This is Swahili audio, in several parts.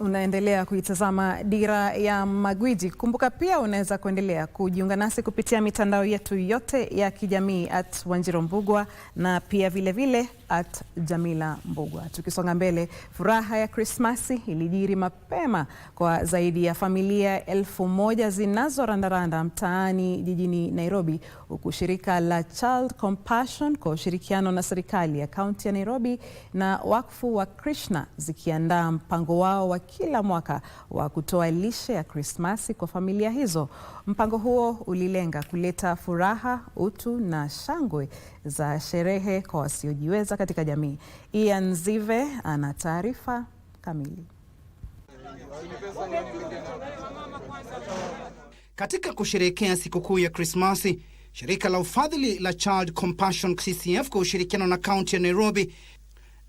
unaendelea kuitazama Dira ya Magwiji. Kumbuka pia unaweza kuendelea kujiunga nasi kupitia mitandao yetu yote ya kijamii at Wanjiro Mbugwa na pia vilevile vile at Jamila Mbugwa. Tukisonga mbele, furaha ya Krismasi ilijiri mapema kwa zaidi ya familia elfu moja zinazorandaranda mtaani jijini Nairobi, huku shirika la Child Compassion kwa ushirikiano na serikali ya kaunti ya Nairobi na wakfu wa Krishna zikiandaa mpango wao wao wa kila mwaka wa kutoa lishe ya Krismasi kwa familia hizo. Mpango huo ulilenga kuleta furaha, utu na shangwe za sherehe kwa wasiojiweza katika jamii. Ian Zive ana taarifa kamili. Katika kusherehekea sikukuu ya Krismasi, shirika la ufadhili la Child Compassion CCF kwa ushirikiano na kaunti ya Nairobi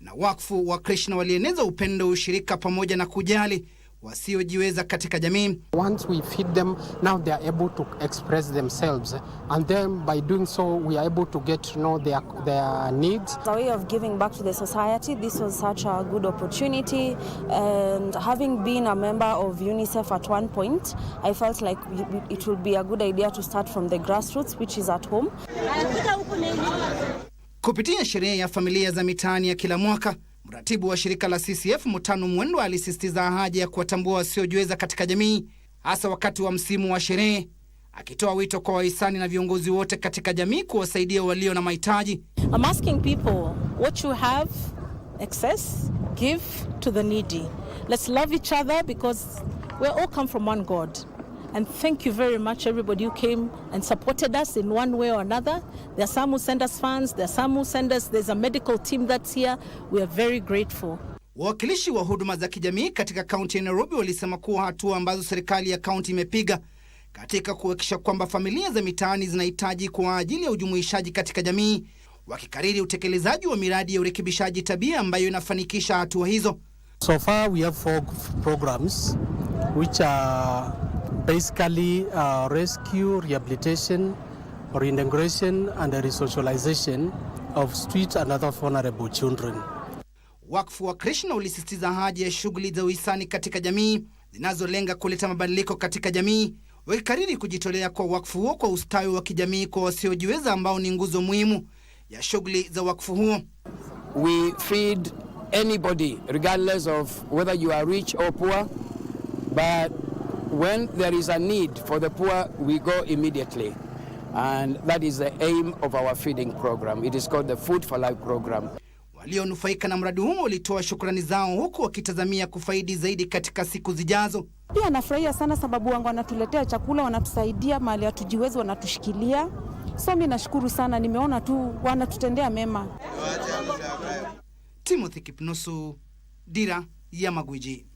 na wakfu wa Krishna walieneza upendo, ushirika pamoja na kujali wasiojiweza katika jamii. Once we feed them, now they are able to express themselves. And then by doing so, we are able to get to know their, their needs. way of giving back to the society, this was such a good opportunity. And having been a member of UNICEF at one point, I felt like it would be a good idea to start from the grassroots, which is at home. Kupitia sherehe ya familia za mitaani ya kila mwaka, mratibu wa shirika la CCF Mutanu Mwendwa alisisitiza haja ya kuwatambua wasiojiweza katika jamii, hasa wakati wa msimu wa sherehe, akitoa wito kwa wahisani na viongozi wote katika jamii kuwasaidia walio na mahitaji. And thank you very much everybody who came and supported us in one way or another. There are some who send us funds, there are some who send us, there's a medical team that's here. We are very grateful. Wawakilishi wa huduma za kijamii katika kaunti ya Nairobi walisema kuwa hatua ambazo serikali ya kaunti imepiga katika kuhakikisha kwamba familia za mitaani zinahitaji kwa ajili ya ujumuishaji katika jamii, wakikariri utekelezaji wa miradi ya urekebishaji tabia ambayo inafanikisha hatua hizo. So far we have four programs which are basically uh, rescue, rehabilitation, reintegration and resocialization of street and other vulnerable children. Wakfu wa Krishna ulisisitiza haja ya shughuli za uhisani katika jamii zinazolenga kuleta mabadiliko katika jamii, wakikariri kujitolea kwa wakfu huo kwa ustawi wa kijamii kwa wasiojiweza ambao ni nguzo muhimu ya shughuli za wakfu huo. We feed anybody regardless of whether you are rich or poor but when there is a need for the poor we go immediately and that is the aim of our feeding program it is called the food for life program walionufaika na mradi huo walitoa shukrani zao huku wakitazamia kufaidi zaidi katika siku zijazo pia nafurahia sana sababu wangu wanatuletea chakula wanatusaidia mahali hatujiwezi wanatushikilia so mi nashukuru sana nimeona tu wanatutendea mema Timothy Kipnusu dira ya magwiji